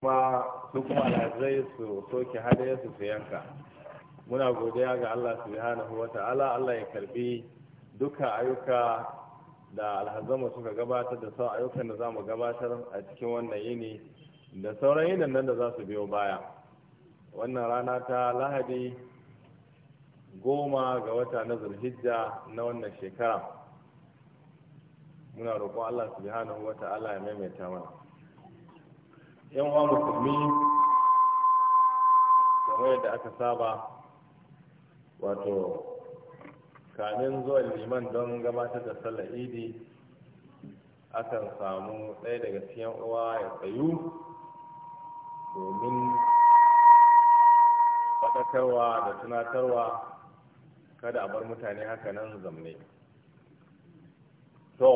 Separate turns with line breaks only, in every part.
kuma duk kuma su soke hadaya su su yanka muna godiya ga Allah subhanahu wa ta'ala Allah ya karbi duka ayuka da alhazama suka gabatar da sauran ayyukan da zamu gabatar a cikin wannan yini da sauran yinin nan da za su biyo baya wannan rana ta lahadi goma ga wata na zulhijja na wannan shekara muna roƙon Allah subhanahu wa ta'ala ya maimaita mana yan uwa musulmi kamar yadda aka saba wato kamin zuwa liman don gabatar da sallar idi akan samu ɗaya daga cikin uwa ya tsayu domin faɗakarwa da tunatarwa kada a bar mutane haka nan zamne to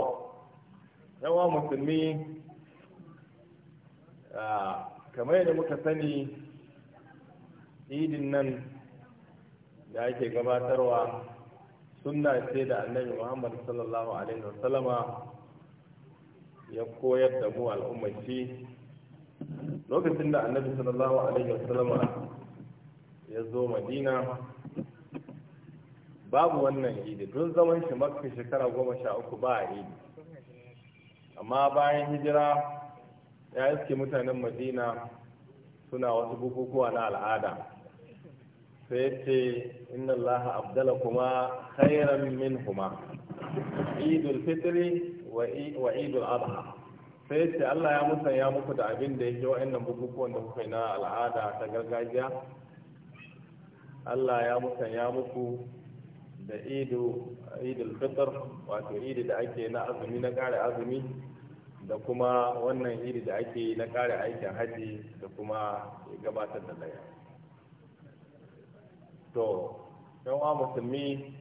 yawa musulmi Ah, kamar yadda muka sani idin nan da ake gabatarwa sunna ce da annabi Muhammadu sallallahu alaihi wasallama ya koyar da mu al'ummaci lokacin da annabi sallallahu alaihi wasallama ya zo madina babu wannan idi tun zaman shi makka shekara goma sha uku ba a idi amma bayan hijira ya iske mutanen madina suna wasu bukukuwa na al'ada sai ce inna allaha abdala kuma khairan min huma idul fitri wa idul adha sai ce allah ya musanya muku da abin da yake wa'annan bukukuwan da kuka na al'ada ta gargajiya allah ya musanya muku da idul fitr wato idi da ake na azumi na kare azumi da kuma wannan iri da ake yi na kare aikin haji da kuma gabatar da laya to yawa musulmi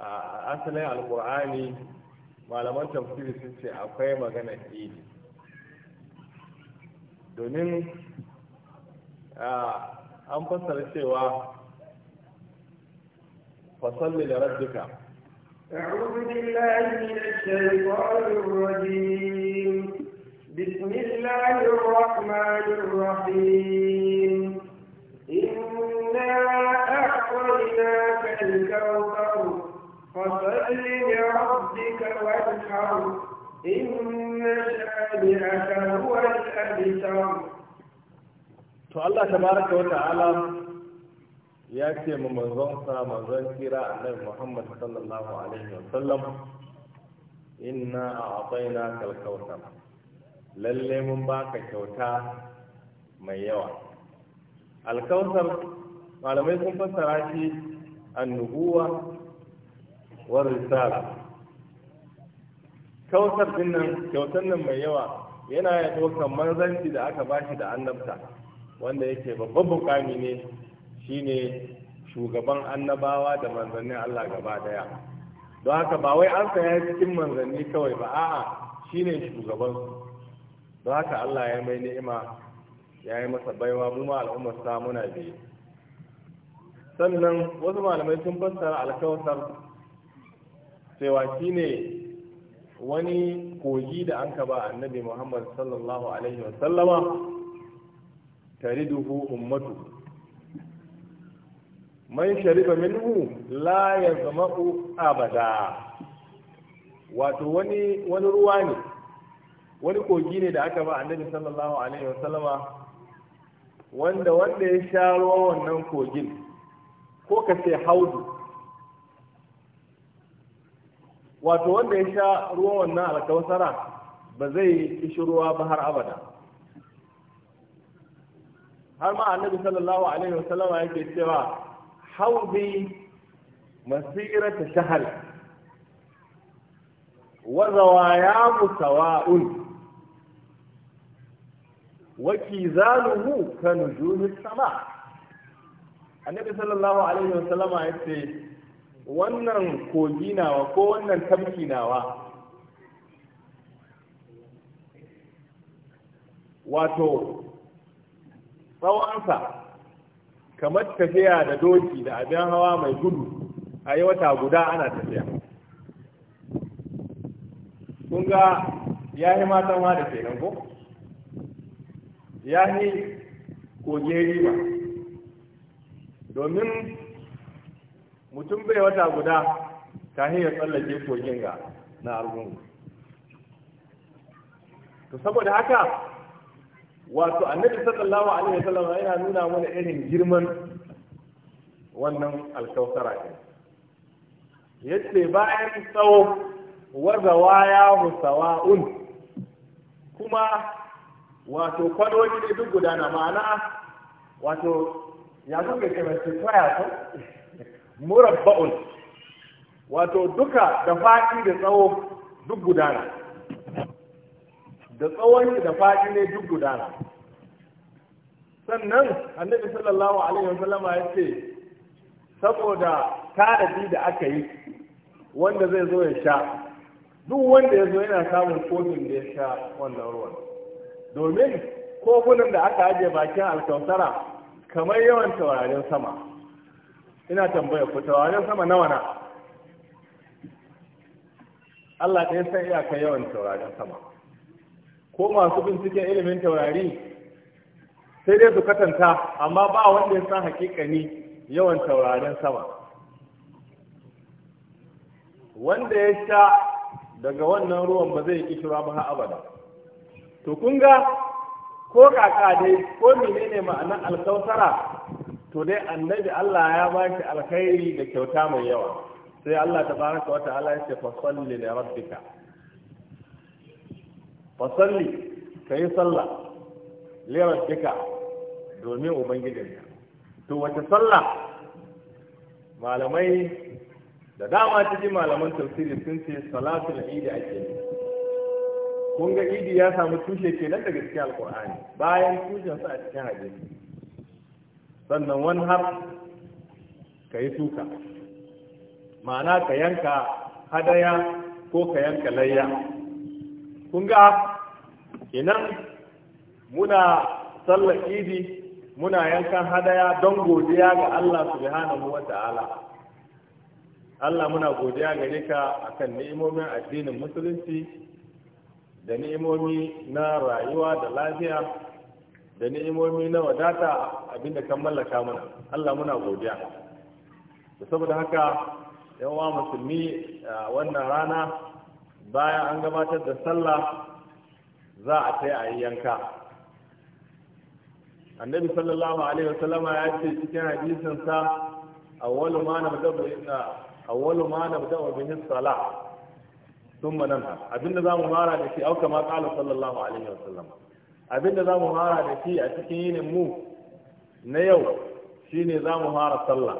a asalin alkur'ani malaman tafsiri sun ce akwai magana iri domin an fassara cewa fasalli da rabbika
أعوذ بالله من الشيطان الرجيم بسم الله الرحمن الرحيم إنا أعطيناك الكوثر فصل لربك وانحر إن شانئك هو الأبتر.
فالله تبارك وتعالى ya ce ma manzon sa manzon kira annabi Muhammad sallallahu alaihi wa sallam inna a'tayna kal kautsar lalle mun baka kyauta mai yawa al malamai sun fassara shi annubuwa wa risala kautsar din nan kyautar nan mai yawa yana ya ɗaukar manzanci da aka bashi da annabta wanda yake babban bukami ne Shi ne shugaban annabawa da manzannin Allah gaba daya don haka ba wai an saya cikin manzanni kawai ba a'a shi ne shugaban don haka Allah ya mai ni'ima ya yi masa baiwa mu al'ummar sa muna sannan wasu malamai sun fassara alkawasar cewa shi ne wani kogi da an ba annabi muhammad sallallahu alaihi wasallama tariduhu ummatu man Sharifa minhu la ya zama abada wato wani wani ruwa ne wani kogi ne da aka ba annabi sallallahu alaihi wasallama wanda wanda ya sha ruwa wannan kogin ko ka ce haudu wato wanda ya sha ruwa wannan alkawasara ba zai ishi ruwa ba har abada har ma annabi sallallahu alaihi wasallama yake cewa masira ta shahar wa zawayahu sawa'un wa kizaluhu ka nujumis sama annabi sallallahu alaihi wasallama yace wannan kogi nawa ko wannan tamki nawa wato tsawonsa kamar tafiya da doki da abin hawa mai gudu a yi wata guda ana tafiya ƙunga ya yi matan wa da kenan ko ya yi koge riba domin mutum bai wata guda ta ya tsallake kogin ga na argungu to saboda haka wato annabi sallallahu alaihi wasallam yana nuna mana irin girman wannan alkausara ne yace bayan tsawo wa zawaya musawa'un kuma wato kwadoji ne duk gudana ma'ana wato ya kuka kemanci tsaya ko murabba'un wato duka da faɗi da tsawo duk gudana da tsawon da faɗi ne duk gudana sannan annabi sallallahu alaihi wasallama ya ce saboda tanadi da aka yi wanda zai zo ya sha duk wanda ya zo yana samun kofin da ya sha wannan ruwan domin kofunan da aka ajiye bakin alkautara kamar yawan taurarin sama ina tambaya ku taurarin sama nawa na Allah ɗaya san iyakar yawan taurarin sama ko masu binciken ilimin taurari sai dai su katanta amma ba wanda ya san hakikani yawan taurarin sama wanda ya sha daga wannan ruwan ba zai ƙi shura ba abada to kun ga ko kaka dai ko menene ma'anar alkausara to dai annabi Allah ya ba shi alkhairi da kyauta mai yawa sai Allah tabaraka wa ta'ala ya ce fa salli li rabbika fasalli ka yi sallah Lera duka domin ya to wace sallah malamai da dama cikin malaman tafsiri sun ce Salatu salatul idi ake yi kun ga idi ya samu tushe kenan daga cikin alkur'ani bayan tushen sa a cikin hadisi sannan wani har ka yi suka ma'ana ka yanka hadaya ko ka yanka layya kun ga kenan muna sallar idi muna yankan hadaya don godiya ga Allah subhanahu wa ta'ala Allah muna godiya gare ka akan ni'imomin addinin musulunci da ni'imomi na rayuwa da lafiya da ni'imomi na wadata abinda kan mallaka mana Allah muna godiya saboda haka yawa musulmi wannan rana bayan an gabatar da sallah za a sai a yi yanka annabi sallallahu alaihi wasallama ya ce cikin hadisin sa awwalu ma nabda'u inna awwalu ma nabda'u bihi salah thumma nanha abinda zamu fara da shi au kama qala sallallahu alaihi wasallama abinda zamu fara da shi a cikin yinin mu na yau shine zamu fara sallah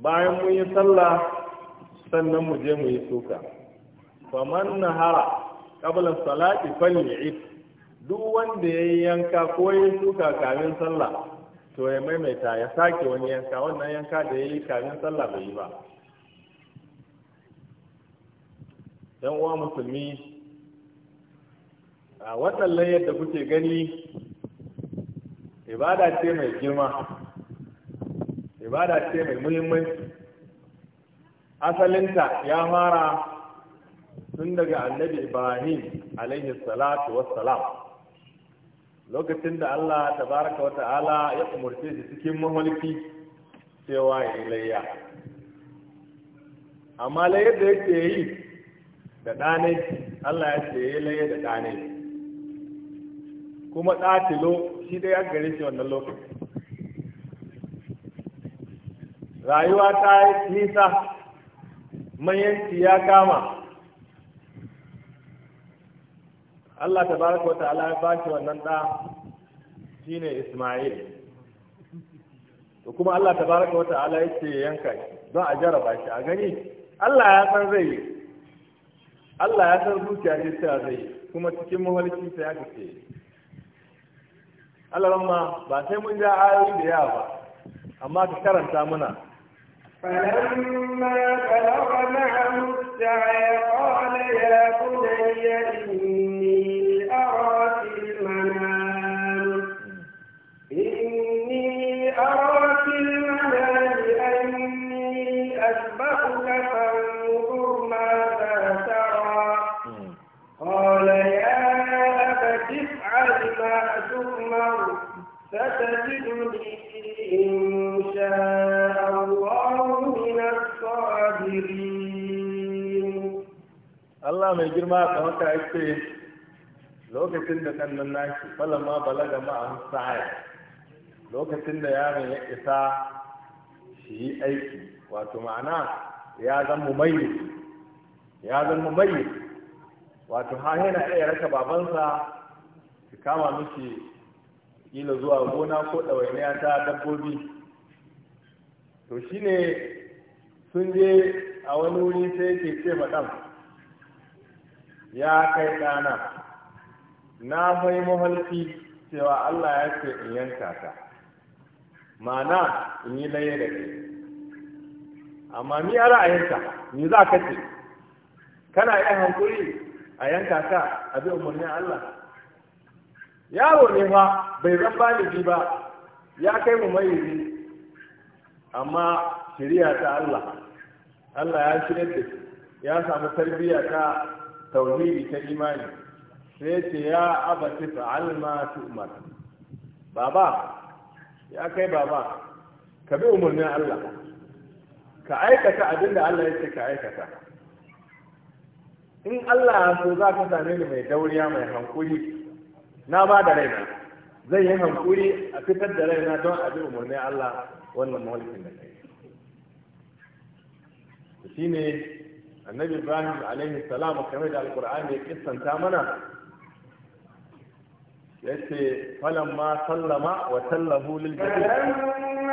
bayan mun yi sallah sannan mu je mu yi suka faman hara qabla salati faly'id duk wanda yi yanka ko yayi suka kamin sallah to ya maimaita ya sake wani yanka wannan yanka da yi kamin sallah bai yi ba yan uwa musulmi a wannan yadda da kuke gani ibada ce mai girma ibada ce mai muhimmanci asalinta ya fara tun daga annabi ibrahim alaihi salatu wassalam lokacin da allah tabaraka wa ta'ala ya umarce shi cikin maholki cewa ya yi layya amma layyar da yake yi da ɗane allah ya ce ya yi layya da ɗane kuma ɗatilo shi da ya gare shi wannan lokaci rayuwa ta yi nisa mayanci ya kama Allah ta baraka wa ta'ala ya ba shi wannan ɗa shine Ismail to kuma Allah ta baraka wa ta'ala ya ce yanka shi don a jaraba shi a gani Allah ya san zai yi Allah ya san zuciya ne ta zai yi kuma cikin mahalci ta ya kace Allah ramma ba sai mun ja ayoyi da yawa ba amma ka karanta muna
فلما بلغ معه السعي قال يا بني Allah
mai girma ka من ake lokacin da kan nan nashi falama balaga ma'an sa'ai lokacin da yaron ya isa shi yi aiki wato ma'ana ya zan mai ya zan mai wato ha yana iya raka babansa su kama mishi kila zuwa gona ko ɗawainiya ta dabbobi to shine sun je a wani wuri sai yake ce maɗan ya kai ɗana na bai mahalki cewa allah ya ce in yanka ta mana in yi laye da ke amma ni a ra'ayinka ni za ka ce kana yin hankuri a yanka ta a bi umarnin allah yaro ne ma bai zan baligi ba ya kai mu mayizi amma shirya ta Allah Allah ya shirya da shi ya samu tarbiyya ta tauhidi ta imani sai ce ya abati fa'al ma tu'mar baba ya kai baba ka bi umarnin Allah ka aikata abin da Allah ya ce ka aikata in Allah ya so za ka same ni mai dauriya mai hankuli. na ba da raina zai yi hankuri a fitar da raina don a bi umarnin Allah wannan mulkin da kai shi ne annabi ibrahim alaihi salam kamar da alkur'ani ya kissanta mana ya ce falan ma sallama wa sallahu lil jabin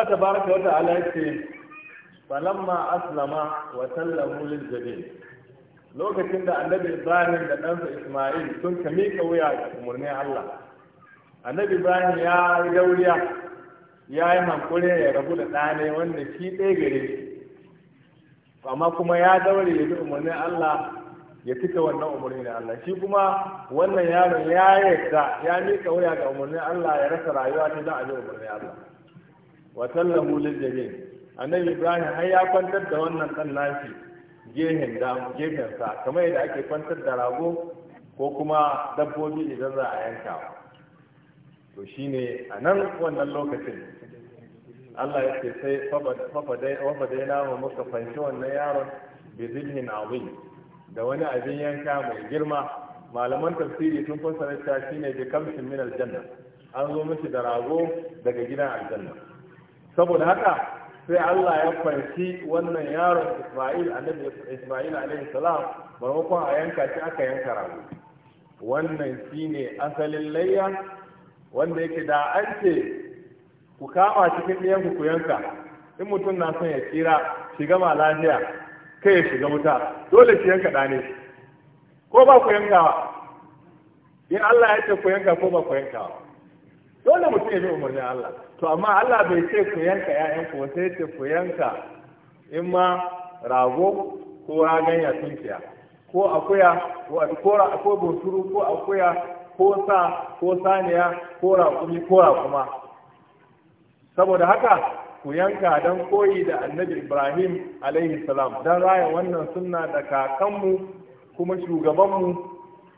Allah ta baraka wata ala ya falamma aslama wa sallamu lil jabin lokacin da annabi Ibrahim da ɗansa Ismail sun ka miƙa wuya ga Allah annabi Ibrahim ya yi dauriya ya yi hankuri ya rabu da ɗane wanda shi ɗaya gare shi amma kuma ya daure ya bi umarnin Allah ya cika wannan umarni da Allah shi kuma wannan yaron ya yarda ya mika wuya ga umarnin Allah ya rasa rayuwa ta za a bi umarnin Allah wa tallahu lil annabi ibrahim har ya kwantar da wannan kan nashi gehen da gehen sa kamar yadda ake kwantar da rago ko kuma dabbobi idan za a yanka to shine a nan wannan lokacin Allah ya ce sai fafadaina wa muka fanshi wannan yaron bi zilhin azim da wani abin yanka mai girma malaman tafsiri sun fassara ta shine bi kamshin min aljanna an zo miki da rago daga gidan aljanna saboda haka sai Allah ya fanci wannan yaron Isma'il annabi Isra'il alaihi salam maimakon a yanka shi aka yanka rago wannan shine asalin layya wanda yake da an ce ku kama cikin ɗayan ku yanka in mutum na son ya tsira shiga ma lafiya kai ya shiga wuta dole shi yanka ɗane ko ba ku yankawa in Allah ya ce ku yanka ko ba ku yankawa dole mutum ya bi umarnin Allah to amma Allah bai ce ku yanka ƴaƴan ku sai ce ku yanka in ma rago ko raganya tunkiya ko akuya ko ko bunsuru ko akuya ko sa ko saniya ko raƙumi ko raƙuma saboda haka ku yanka dan koyi da annabi ibrahim alaihi salam don raya wannan sunna da kakanmu kuma shugabanmu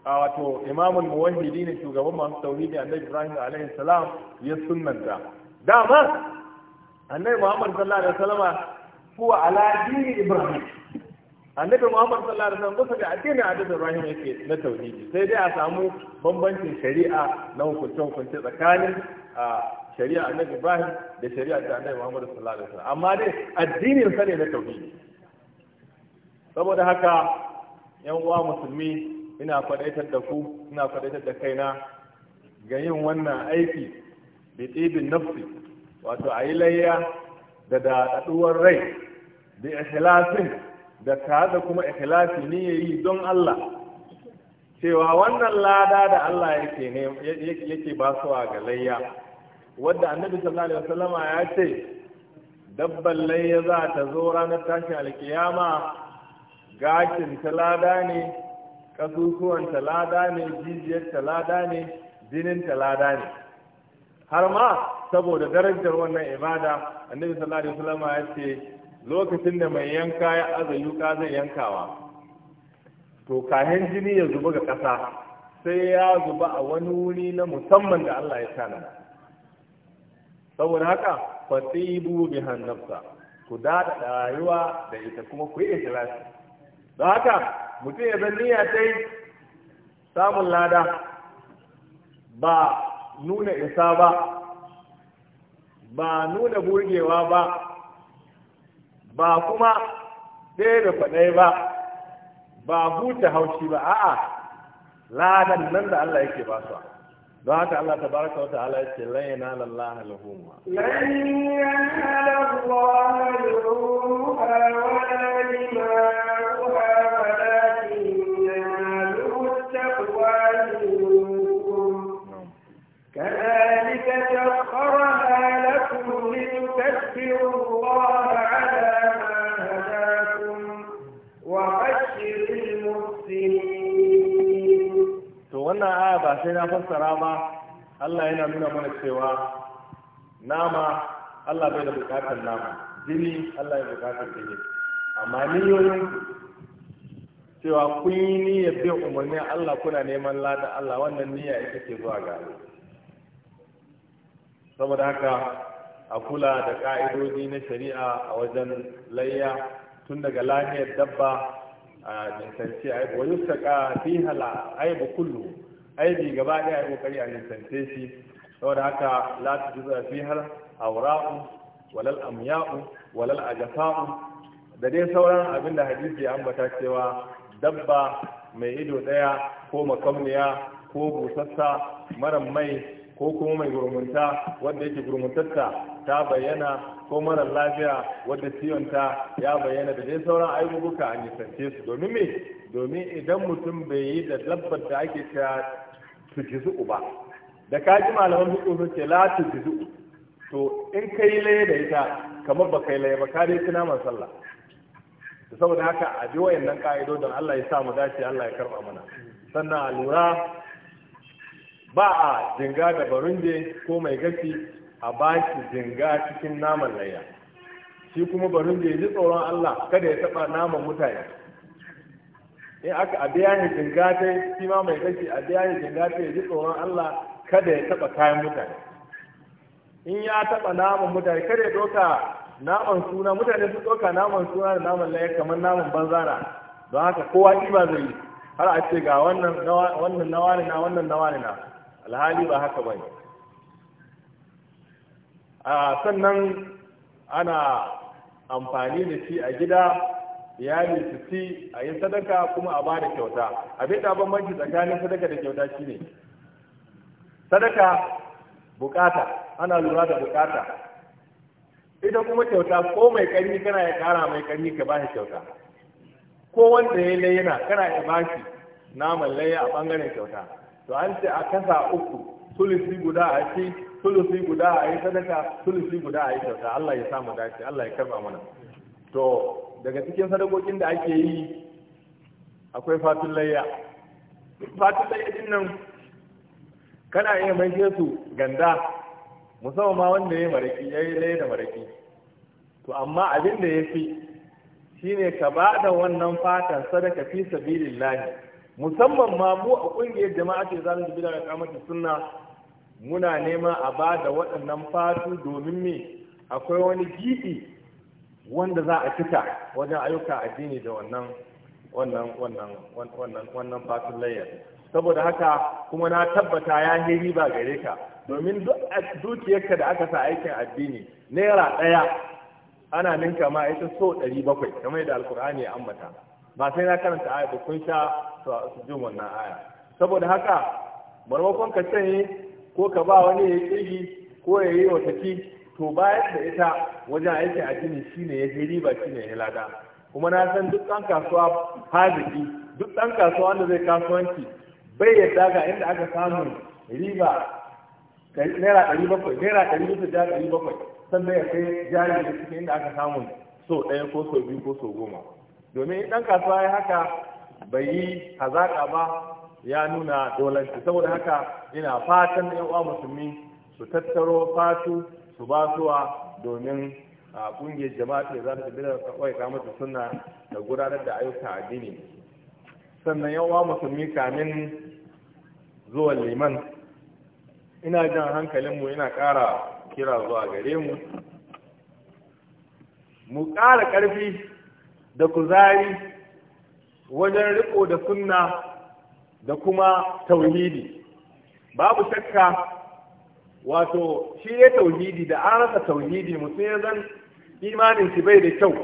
a wato imamul muwahhidi ne shugaban masu tauhidi annabi ibrahim alaihi salam ya sunnanta dama annabi muhammad sallallahu alaihi wasallam huwa ala dini ibrahim annabi muhammad sallallahu alaihi wasallam kusa da addinin annabi ibrahim yake na tauhidi sai dai a samu bambancin shari'a na hukuncin hukunce tsakanin shari'a annabi ibrahim da shari'a da annabi muhammad sallallahu alaihi wasallam amma dai addinin sa ne na tauhidi saboda haka yan uwa musulmi ina faɗaitar da ku ina faɗaitar da kaina ga yin wannan aiki da ɗibin nafsi wato a yi layya da daɗaɗuwar rai da ikhlasin da tare da kuma ikhlasi ni ya yi don Allah cewa wannan lada da Allah yake ne yake ba su ga layya wadda annabi sallallahu alaihi wasallama ya ce dabban layya za ta zo ranar tashin alkiyama gashin ta lada ne ƙasusuwan talada ne jijiyar talada ne jinin talada ne har ma saboda darajar wannan ibada annabi sallallahu alaihi wasallam ya ce lokacin da mai yanka ya aza ka zai yankawa to kahin jini ya zuba ga ƙasa sai ya zuba a wani wuri na musamman da Allah ya tana saboda haka fatibu bihan nafsa ku da rayuwa da ita kuma ku yi ikhlasi da haka mutum ya zan niyya ta yi samun lada ba nuna isa ba ba nuna burgewa ba ba kuma ɗaya da kwaɗai ba ba huta haushi ba a'a ladan nan da Allah yake ba su don haka Allah ta baraka wa ta'ala ya ce lan lallaha lahumma
lai humma lallaha lahumma
sai na fassara ba Allah yana nuna mana cewa nama Allah bai da bukatar nama jini Allah ya bukatar jini amma ni yoyin cewa kun yi niyyar bin umarnin Allah kuna neman lada Allah wannan niyya ita ke zuwa ga saboda haka a kula da ka'idodi na shari'a a wajen layya tun daga lahiyar dabba a jinsanci a wa yusta fi hala kullu aibi gaba ɗaya ya kokari a nisance shi saboda haka la ta jiza fi har aura'u walal amya'u walal ajafa'u da dai sauran abin da hadisi ya ambata cewa dabba mai ido ɗaya ko makamniya ko busassa mara mai ko kuma mai gurmunta wanda yake gurmuntarta ta bayyana ko mara lafiya wadda ciwonta ya bayyana da dai sauran ayyuka a nisance su domin me domin idan mutum bai yi da dabbar da ake cewa tujizu ba da ka ji malaman fiqh sun ce la tujizu to in kai laye da ita kamar ba kai laye ba ka dai tuna man sallah saboda haka a ji wayannan ka'idodin Allah ya sa mu dace Allah ya karba mana sannan a lura ba a jinga da barunje ko mai gafi a ba baki jinga cikin naman layya shi kuma barunje ji tsoron Allah kada ya taba naman mutane in aka a biya ni jingata shi ma mai kashi a biya ni jingata ya ji tsoron Allah kada ya taba kayan mutane in ya taba naman mutane kada ya doka naman suna mutane su doka naman suna da naman laye kamar naman banzara. don haka kowa ba zai yi har a ce ga wannan wannan nawani na wannan nawani na alhali ba haka bane a sannan ana amfani da shi a gida iyali su ci a yi sadaka kuma a ba da kyauta abin da bambanci tsakanin sadaka da kyauta shine sadaka bukata ana lura da bukata ita kuma kyauta ko mai karni kana ya kara mai karni ka ba shi kyauta ko wanda ya layina kana ya ba shi naman laye a bangaren kyauta to an ce a kasa uku sulusi guda a ci sulusi guda a yi sadaka sulusi guda a yi kyauta Allah ya samu dace Allah ya karba mana to daga cikin sadakokin da ake yi akwai fatun layya fatun layya din nan kana iya mai su ganda musamman ma wanda ya maraki ya yi layya da maraki to amma abin da ya fi shine ka ba da wannan fatan sadaka fi sabilillahi musamman ma mu a kungiyar jama'a ce za su bi da kamata sunna muna nema a ba da waɗannan fatu domin me akwai wani gidi wanda za a cika wajen ayyuka addini da wannan wannan wannan wannan wannan batun layar saboda haka kuma na tabbata ya yi riba gare ka domin dukiyarka da aka sa aikin addini naira ɗaya ana ninka ma ita so ɗari bakwai kamar yadda alkur'ani ya ambata ba sai na karanta aya ba kun sha su jin wannan aya saboda haka marmakon ka sanye ko ka ba wani ya yi ko ya yi wataki to bayan da ita wajen aiki a gini shine ya fi riba shine ya lada kuma na san duk ɗan kasuwa haziki duk ɗan kasuwa wanda zai kasuwanci bai yadda ga inda aka samun riba naira ɗari bakwai naira ɗari bisa jari ɗari bakwai sannan ya kai jari da cikin inda aka samun so ɗaya ko so biyu ko so goma domin ɗan kasuwa ya haka bai yi hazaƙa ba ya nuna dolanci saboda haka ina fatan ɗan uwa musulmi su tattaro fatu su ba suwa domin a kungiyar jama'a da za su bi da kawai kamata suna da gudanar da ayyuka addini sannan yawa musulmi kamin zuwa liman ina jan hankalinmu ina ƙara kira zuwa gare mu mu ƙara ƙarfi da kuzari wajen riko da sunna da kuma tauhidi babu shakka wato shi ne tauhidi da an rasa tauhidi mutum ya zan imanin shi bai da kyau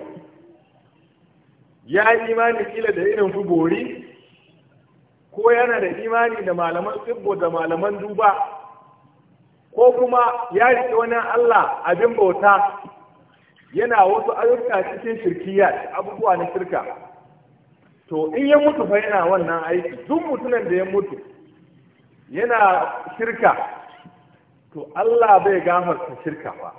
ya yi imani kila da irin su bori ko yana da imani da malaman tsibbo da malaman duba ko kuma ya riƙe wani Allah abin bauta yana wasu ayyuka cikin shirkiya abubuwa na shirka to in ya mutu fa yana wannan aiki duk mutumin da ya mutu yana shirka to Allah bai gafarta shirka ba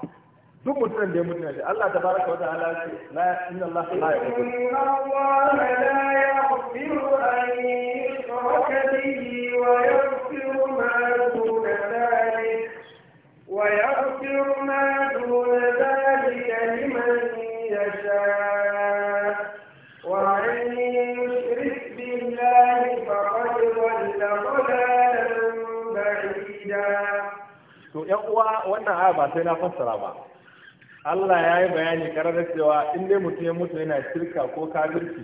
duk mutumin da ya mutu da Allah ta baraka wata ala ce la inna Allah inna Allah la yaghfiru an yushraka bihi wa yaghfiru uwa wannan aya ba sai na fassara ba Allah ya yi bayani da cewa in dai mutum ya mutu yana shirka ko kafirci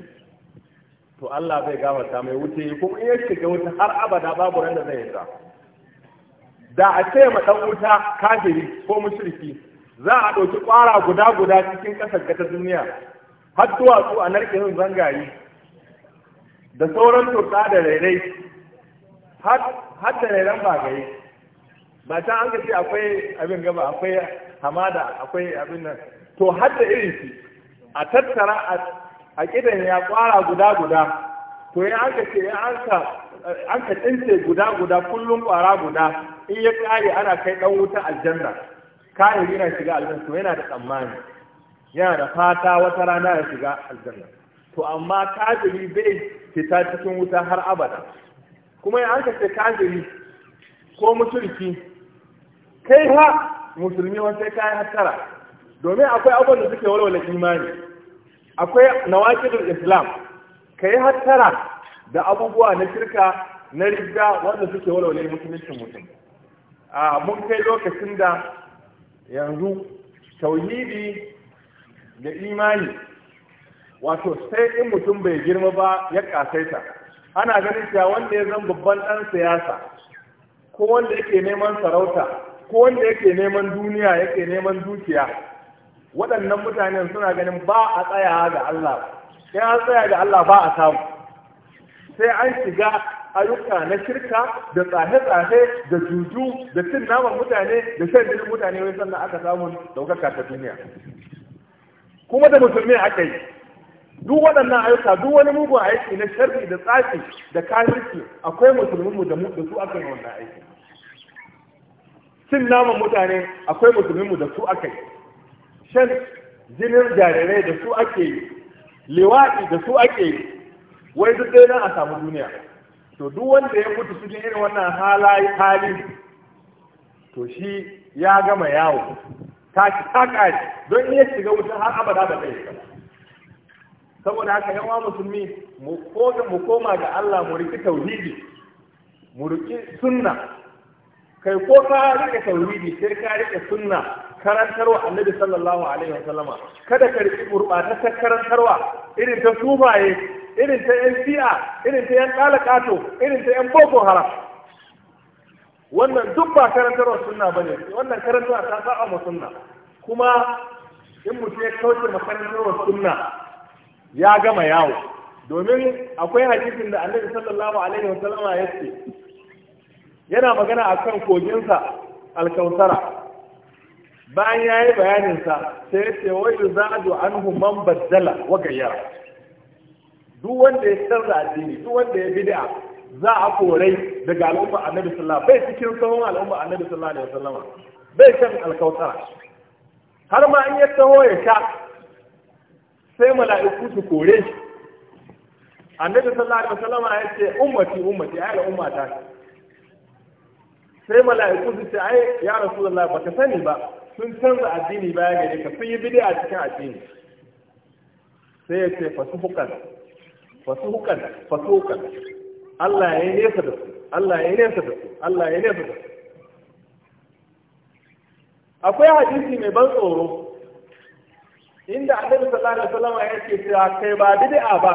to Allah zai gafarta mai wuce kuma in ya shiga wuta har abada babu ran da zai yi da a ce ma dan wuta kafiri ko mushriki za a ɗauki ƙwara guda guda cikin ƙasar ta duniya har duwatsu a narke yin zangayi da sauran turta da rairai har da rairan yi. ba ta an ce akwai abin gaba akwai hamada akwai abin nan to har da irin shi a tattara a kidan ya kwara guda guda to ya an ce ya an ka an ka tsince guda guda kullum kwara guda in ya kare ana kai dan wuta aljanna kayan yana shiga aljanna to yana da tsammani yana da fata wata rana ya shiga aljanna to amma kafiri bai fita cikin wuta har abada kuma ya an ka kafiri ko mutunci. kai ha musulmi wani sai hattara domin akwai abubuwan da suke walwala imani akwai nawakidul islam ka hattara da abubuwa na shirka na rigga wanda suke walwala musulmin mutum a mun kai lokacin da yanzu tauhidi da imani wato sai in mutum bai girma ba ya kasaita ana ganin cewa wanda ya zan babban ɗan siyasa ko wanda yake neman sarauta ko wanda yake neman duniya yake neman dukiya waɗannan mutanen suna ganin ba a tsaya ga Allah sai an tsaya ga Allah ba a samu sai an shiga ayyuka na shirka da tsahe-tsahe da juju da cin naman mutane da shan jinin mutane wai sannan aka samu ɗaukaka ta duniya kuma da musulmi aka yi duk waɗannan ayyuka duk wani mugun aiki na sharri da tsafi da kafirci akwai musulminmu da su aka yi wannan aiki cin naman mutane akwai musulminmu da su aka yi shan jinin jarirai da su ake yi liwaɗi da su ake yi wai duk dai nan a samu duniya to duk wanda ya mutu cikin irin wannan hali to shi ya gama yawo ta ci don iya shiga wuta har abada da kai saboda haka yawa musulmi mu koma ga Allah mu riki tauhidi mu riki sunna kai ko ka rike tauhidi sai ka rike sunna karantarwa annabi sallallahu alaihi wa sallama kada ka rike gurbatattar karantarwa irin ta sufaye irin ta yan fi'a irin ta yan kalakato irin ta yan boko haram wannan duk ba karantarwa sunna bane wannan karantarwa ta sa'a ma sunna kuma in mutum ya kauce makarantarwa sunna ya gama yawo domin akwai hadisin da annabi sallallahu alaihi wa sallama ya ce yana magana a kan koginsa alkausara bayan ya yi bayaninsa sai ya ce wai a za'adu an man bazzala wa gayyara duk wanda ya canza addini duk wanda ya bid'a za a korai daga al'umma annabi sallallahu bai cikin sahun al'umma annabi sallallahu alaihi wasallam bai kan alkautara har ma an yi taho ya sha sai mala'iku su kore shi annabi sallallahu alaihi wasallam ya ce ummati ummati ayyuka ummata sai mala'iku su ce ai ya ba baka sani ba sun canza addini baya gare ka sun yi bid'a cikin addini sai ya ce fasuhukan fasuhukan fasuhukan Allah ya yi nesa da su Allah ya yi nesa da su Allah ya yi nesa da su akwai hadisi mai ban tsoro inda annabi sallallahu alaihi wasallam ya ce sai kai ba bid'a ba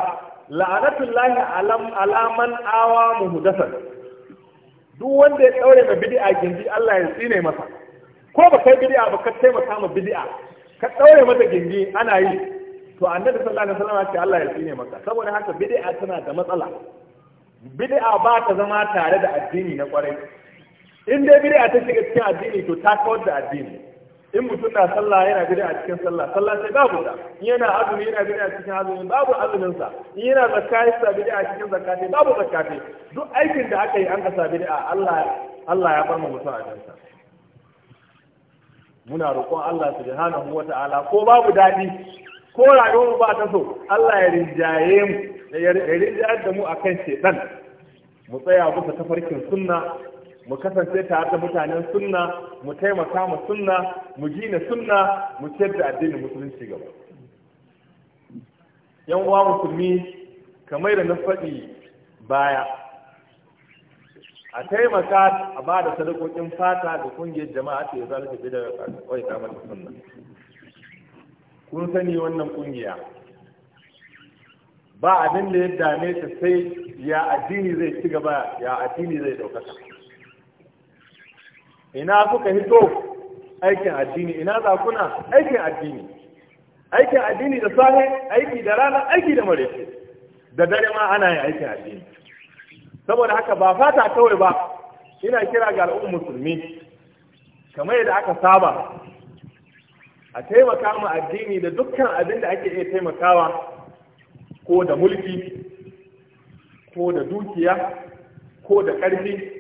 la'anatullahi alam alaman awa muhdathan duk wanda ya ɗaure ma bid'a gindi Allah ya tsine masa ko ba kai bidi'a ba ka taimaka ma bid'a ka daure mata gindi ana yi to annabi sallallahu alaihi wasallam ya ce Allah ya tsine masa. saboda haka bid'a tana da matsala bid'a ba ta zama tare da addini na kwarai in dai bid'a ta shiga cikin addini to ta kawar da addini in mutum na sallah yana gida a cikin sallah sallah sai babu ta in yana azumi yana gida a cikin azumi babu azumin sa in yana zakati yana gida a cikin zakati babu zakati duk aikin da aka yi an kasa a Allah Allah ya bar mu mutum a jinsa muna roƙon Allah subhanahu wata'ala ko babu dadi ko rayuwar mu ba ta so Allah ya rinjaye mu ya rinjaye da mu akan shedan mu tsaya bisa tafarkin sunna mu kasance tare da mutanen sunna mu taimaka mu sunna mu gina sunna mu ciyar da addinin musulunci gaba yan uwa musulmi kamar da na faɗi baya a taimaka a ba da sadakokin fata da kungiyar jama'a ta yasa da da kawai ta sunna kun sani wannan ƙungiya. ba abin da ya dame ta sai ya addini zai ci gaba ya addini zai ɗaukaka ina kuka hito aikin addini ina za kuna aikin addini aikin addini da safe aiki da rana aiki da mare da dare ma ana yin aikin addini saboda haka ba fata kawai ba ina kira ga al'ummar musulmi kamar yadda aka saba a taimaka mu addini da dukkan abin da ake iya taimakawa ko da mulki ko da dukiya ko da ƙarfi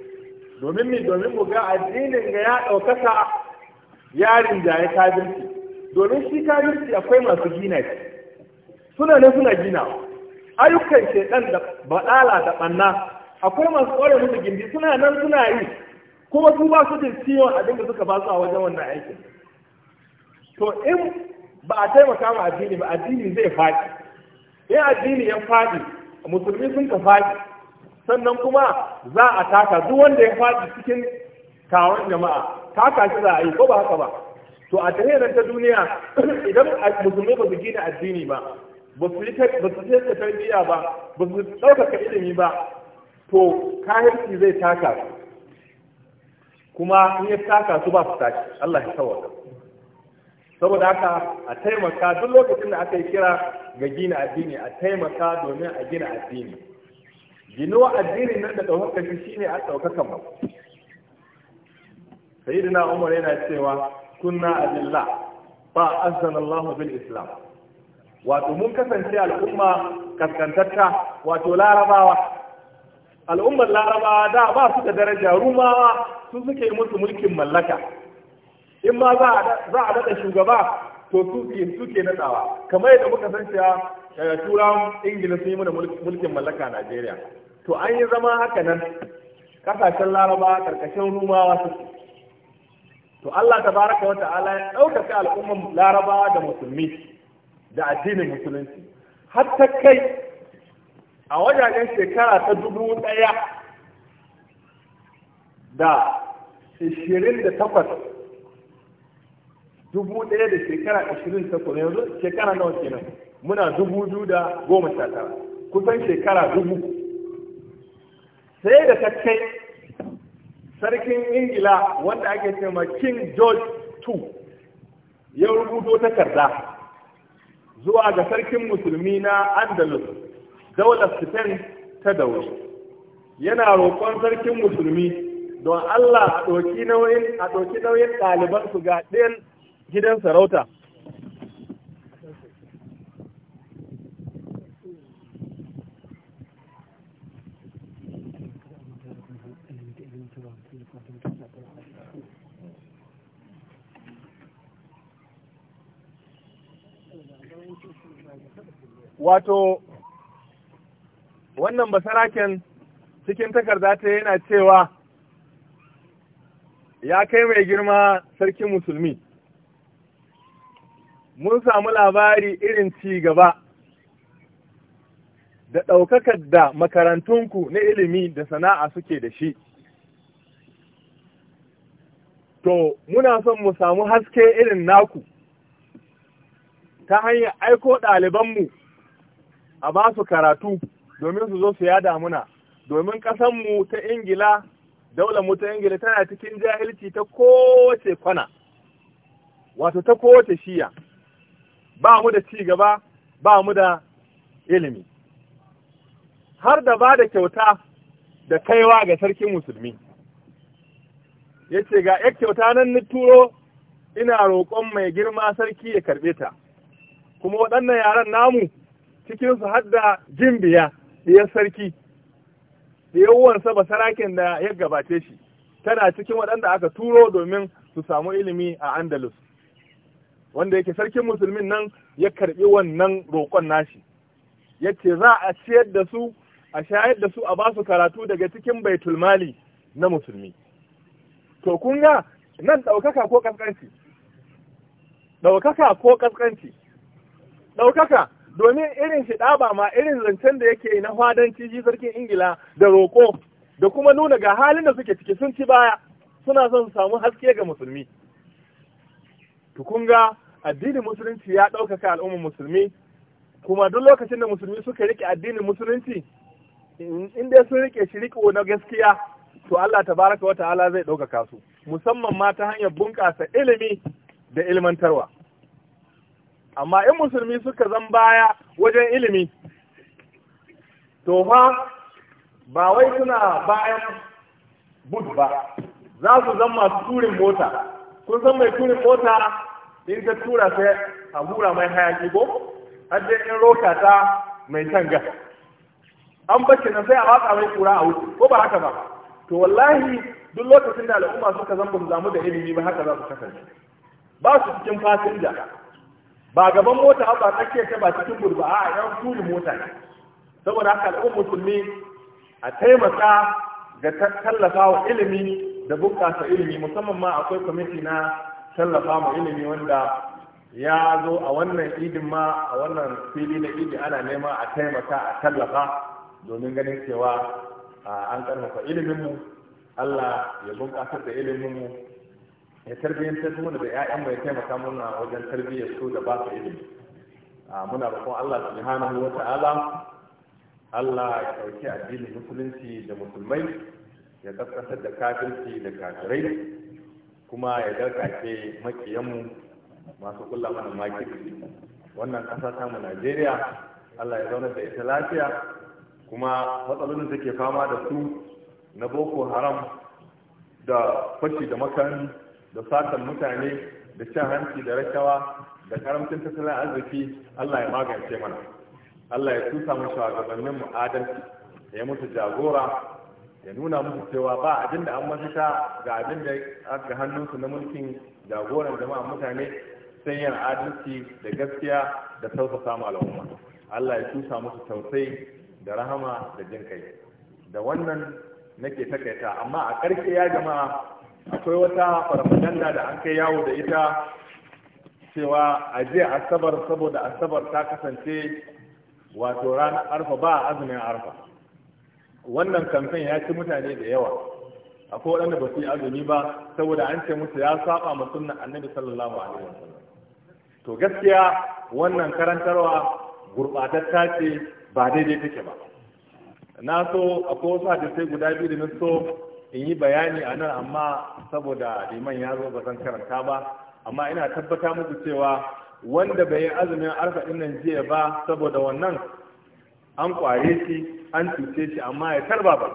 domin mi domin mu ga addinin ga ya ɗaukaka yarin da ya kafirci domin shi kafirci akwai masu gina shi suna ne suna gina ayyukan shedan da baɗala da ɓanna akwai masu ƙware musu gindi suna nan suna yi kuma su ba su da ciwon abin da suka ba su a wajen wannan aikin to in ba a taimaka ma addini ba addini zai faɗi in addini ya faɗi musulmi sun ka faɗi sannan kuma za a taka duk wanda ya faɗi cikin kawon jama'a taka shi za a yi ko ba haka ba to a tarayyar ta duniya idan musulmai ba su gina addini ba ba su yi ba su ta tarbiyya ba ba su ɗaukaka ilimi ba to kahirci zai taka kuma in ya taka su ba su tashi Allah ya tawaka saboda haka a taimaka duk lokacin da aka yi kira ga gina addini a taimaka domin a gina addini ginuwa addini nan da ɗaukaka shi shine a ɗaukaka mu sayyidina umar yana cewa kunna adillah fa azzana Allah bil islam wato mun kasance al'umma kaskantatta wato larabawa al'ummar larabawa da ba su da daraja rumawa su suke musu mulkin mallaka in ma za a daɗa shugaba to su suke naɗawa kamar yadda muka san cewa turawan ingila sun yi mana mulkin mallaka a najeriya to an yi zama haka nan kasashen laraba karkashin rumawa su to allah ta baraka wa ta'ala ya ɗaukaka al'umman laraba da musulmi da addinin musulunci har kai a wajajen shekara ta dubu ɗaya da ishirin da takwas dubu ɗaya da shekara ashirin takwas yanzu shekara nawa kenan muna dubu biyu da goma sha tara kusan shekara dubu sai da ta kai sarkin ingila wanda ake cewa king george II ya rubuto takarda zuwa ga sarkin musulmi na andalus daular spain ta daure yana roƙon sarkin musulmi don allah a ɗauki nauyin ɗaliban su ga ɗayan gidan sarauta wato wannan basaraken cikin takarda ta yana cewa ya kai mai girma sarkin musulmi mun samu labari irin ci gaba da ɗaukakar da makarantunku na ilimi da sana'a suke da shi to muna son mu samu haske irin naku ta hanyar aiko ɗalibanmu a ba su karatu domin su zo su yada muna domin ƙasanmu ta ingila daular mu ta ingila tana cikin jahilci ta kowace kwana wato ta kowace shiya ba mu da ci gaba ba mu da ilimi har da ba da kyauta da kaiwa ga sarkin musulmi ya ce ga ‘yar kyauta nan ni turo ina roƙon mai girma sarki ya karɓe ta kuma waɗannan yaren namu cikinsu har da jimbiya diyar sarki diyar ba sarakin da ya gabace shi tana cikin waɗanda aka turo domin su samu ilimi a andalus wanda yake sarkin musulmin nan ya karɓi wannan roƙon nashi ya ce za a ciyar da su a shayar da su a ba su karatu daga cikin baitulmali na musulmi to kun ga nan ɗaukaka ko ƙasƙanci ɗaukaka ko ƙasƙanci ɗaukaka domin irin shi ɗaba ma irin zancen da yake na fadanci shi sarkin ingila da roƙo da kuma nuna ga halin da suke ciki sun ci baya suna son su samu haske ga musulmi tukunga addinin musulunci ya ɗaukaka al'ummar musulmi kuma duk lokacin da musulmi suka rike addinin musulunci in dai sun rike shi riko na gaskiya to Allah tabaraka wata ta'ala zai ɗaukaka su musamman ma ta hanyar bunƙasa ilimi da ilmantarwa amma in musulmi suka zan baya wajen ilimi to fa ba wai suna bayan bud ba za su zan masu turin mota kun san mai turin mota in ta tura sai a hura mai hayaki ko har in roka ta mai tanga an bace na sai a watsa mai kura a wuce ko ba haka ba to wallahi duk lokacin da al'umma suka zan ba zamu da ilimi ba haka za su kasance ba su cikin fasinja ba gaban mota ba tsakiyar ta ba cikin gurba a yan kuri mota ne saboda haka al'ummar musulmi a taimaka ga tallafa wa ilimi da bunƙasa ilimi musamman ma akwai kwamiti na tallafa ilimi wanda ya zo a wannan idin ma a wannan fili na idi ana nema a taimaka a tallafa domin ganin cewa an karfafa iliminmu Allah ya bunƙasar da iliminmu ya tarbiyyantar muna da ƴaƴan mai taimaka mana wajen tarbiyyar su da ba su ilimi muna roƙon Allah subhanahu wa ta'ala Allah ya ɗauki addinin musulunci da musulmai ya kaskantar da kafirci da kafirai kuma ya ke makiyanmu masu kulla mana maki. wannan ƙasa ta mu Najeriya Allah ya zaunar da ita lafiya kuma matsalolin da ke fama da su na boko haram da fashi da makarani da satar mutane da cin hanci da rashawa da karamcin tattalin arziki Allah ya magance mana Allah ya tusa mu shugabannin mu adalci ya musu jagora ya nuna musu cewa ba abin da an mafita ga abin da aka hannunsu na mulkin jagoran jama'a mutane sai yin adalci da gaskiya da tausasa mu al'umma Allah ya tusa musu tausayi da rahama da jin kai da wannan nake takaita amma a ƙarshe ya jama'a akwai wata farfaganda da an kai yawo da ita cewa a asabar saboda asabar ta kasance wato ranar arfa ba azumin arfa wannan kamfen ya ci mutane da yawa akwai waɗanda ba su yi azumi ba saboda an ce musu ya saba ma sunnan annabi sallallahu alaihi wasallam to gaskiya wannan karantarwa gurbatatta ce ba daidai take ba na so akwai wasu hadisai guda biyu da na so in yi bayani a nan amma saboda liman ya zo ba zan karanta ba amma ina tabbata muku cewa wanda bai yi azumin arfa'in nan jiya ba saboda wannan an kware shi an cuce shi amma ya tarba ba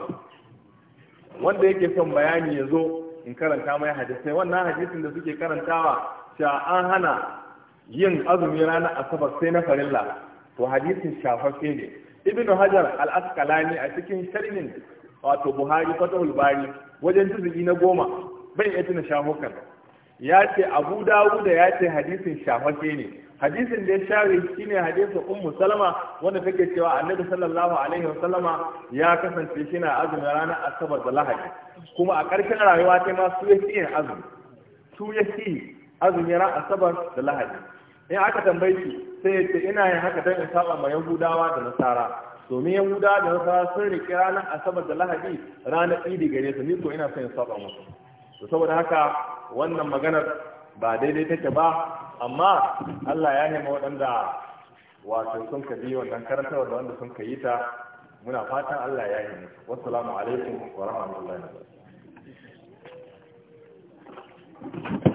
wanda yake son bayani ya zo in karanta mai hadisai wannan hadisin da suke karantawa cewa an hana yin azumi ranar asabar sai na farilla to hadisin shafaffe ne ibnu hajar al-asqalani a cikin sharhin wato buhari fatahul bari wajen juz'i na goma bai iya tuna shahukan ya ce abu dawuda ya ce hadisin shafake ne hadisin da ya share shi ne hadisin ummu salama wanda take cewa annabi sallallahu alaihi wasallama ya kasance shi na azumin ranar asabar da lahadi kuma a ƙarshen rayuwa ta ma su yake yin azumi su yake azumin ranar asabar da lahadi in aka tambaye shi sai ya ce ina yin haka don in saba ma yahudawa da nasara domin yahuda da nasara sun rike ranar asabar da lahadi ranar idi gare su ni ko ina son saba musu to saboda haka wannan maganar ba daidai take ba amma Allah ya nema waɗanda wato sun ka bi wannan karantarwa da wanda sun ka yi ta muna fatan Allah ya yi wassalamu alaikum wa rahmatullahi wa barakatuh